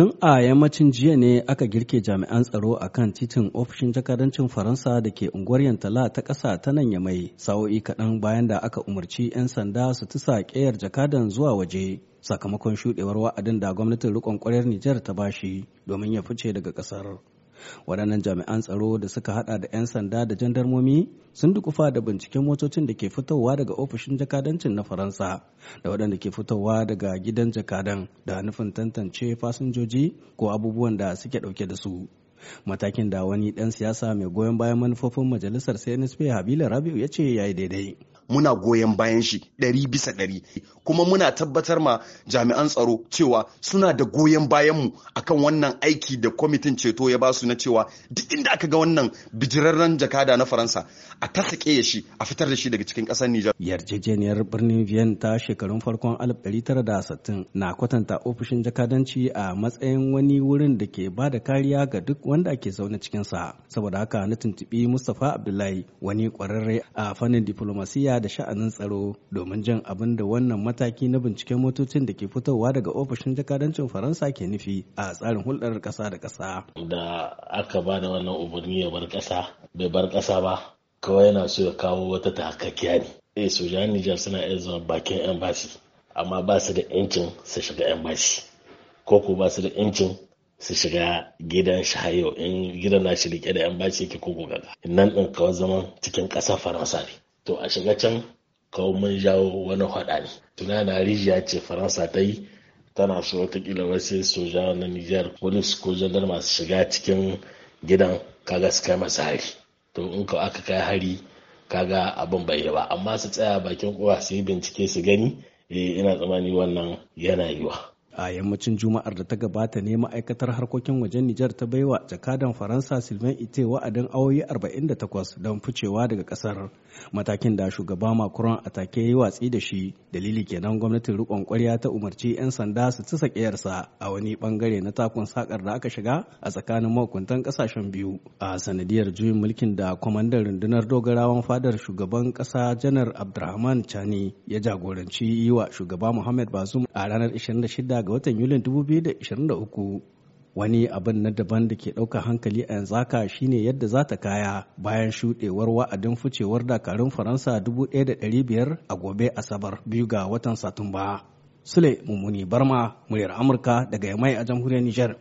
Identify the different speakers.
Speaker 1: Tun a yammacin jiya ne aka girke jami'an tsaro a kan titin ofishin jakadancin Faransa da ke unguwar Yantala ta ƙasa ta nan Yamai, sa'o'i kaɗan bayan da aka umarci 'yan sanda su tusa ƙeyar jakadan zuwa waje sakamakon shuɗewar wa'adin da gwamnatin riƙon ƙwarar Nijar ta bashi domin ya fice daga ƙasar. waɗannan jami'an tsaro da suka hada da 'yan sanda da jandarmomi sun dukufa da binciken motocin da ke fitowa daga ofishin jakadancin na faransa da waɗanda ke fitowa daga gidan jakadan da nufin tantance fasinjoji ko abubuwan da suke ɗauke da su matakin da wani ɗan siyasa mai goyon
Speaker 2: bayan manufofin majalisar cnsp habila rabiu ya ce ya yi daidai muna goyon bayan shi ɗari bisa ɗari kuma muna tabbatar ma jami'an tsaro cewa suna da goyon bayanmu akan wannan aiki da kwamitin ceto ya basu na cewa duk inda aka ga wannan bijirarren jakada na faransa a ta sake shi a fitar da shi daga cikin ƙasar nijar yarjejeniyar
Speaker 1: birnin vienne ta shekarun farkon alif ɗari tara da 1960 na kwatanta ofishin jakadanci a matsayin wani wurin da ke ba da kariya ga duk wanda ke zaune cikinsa saboda haka na tuntuɓi mustapha abdullahi wani ƙwararre a fannin diplomasiya A da sha'anin tsaro domin jin abin da wannan mataki na binciken motocin da ke fitowa daga ofishin jakadancin faransa ke nufi a tsarin hulɗar ƙasa da ƙasa
Speaker 3: da aka ba da wannan umarni ya bar ƙasa bai bar ƙasa ba kawai yana so ya kawo wata takakkiya ne eh sojan nijar suna iya zuwa bakin embassy amma ba su da yancin su shiga embassy ko ko ba su da yancin su shiga gidan shahayo in gidan na shi rike da yan bashi yake ko gaga nan din kawai zaman cikin ƙasa faransa ne to a shiga can kawo mun jawo wani ne tuna na rijiya ce faransa ta yi tana so watakila wasu soja na nijar polis ko jandar masu shiga cikin gidan kaga su kai masa hari to in ka aka kai hari kaga abin bai yi ba amma su tsaya bakin kowa su yi bincike su gani eh ina tsammani wannan yana yiwa
Speaker 1: a yammacin juma'ar da ta gabata ne ma'aikatar harkokin wajen nijar ta baiwa jakadan faransa sylvain ite wa'adin awoyi 48 don ficewa daga kasar matakin da shugaba macron a take yi watsi da shi dalili kenan gwamnatin rikon kwarya ta umarci 'yan sanda su ci sakayarsa a wani bangare na takun sakar da aka shiga a tsakanin mahukuntan kasashen biyu a sanadiyar juyin mulkin da kwamandan rundunar dogarawan fadar shugaban kasa janar abdurrahman chani ya jagoranci yi wa shugaba muhammad bazum a ranar 26 ga ga watan Yulin 2023 wani abin na daban da ke ɗaukar hankali a yanzu haka shine yadda za ta kaya bayan shuɗewar wa'adin ficewar dakarun faransa 1,500 a gobe asabar biyu ga watan satumba sule mummuni barma muryar amurka daga yamai a jamhuriyar Nijar.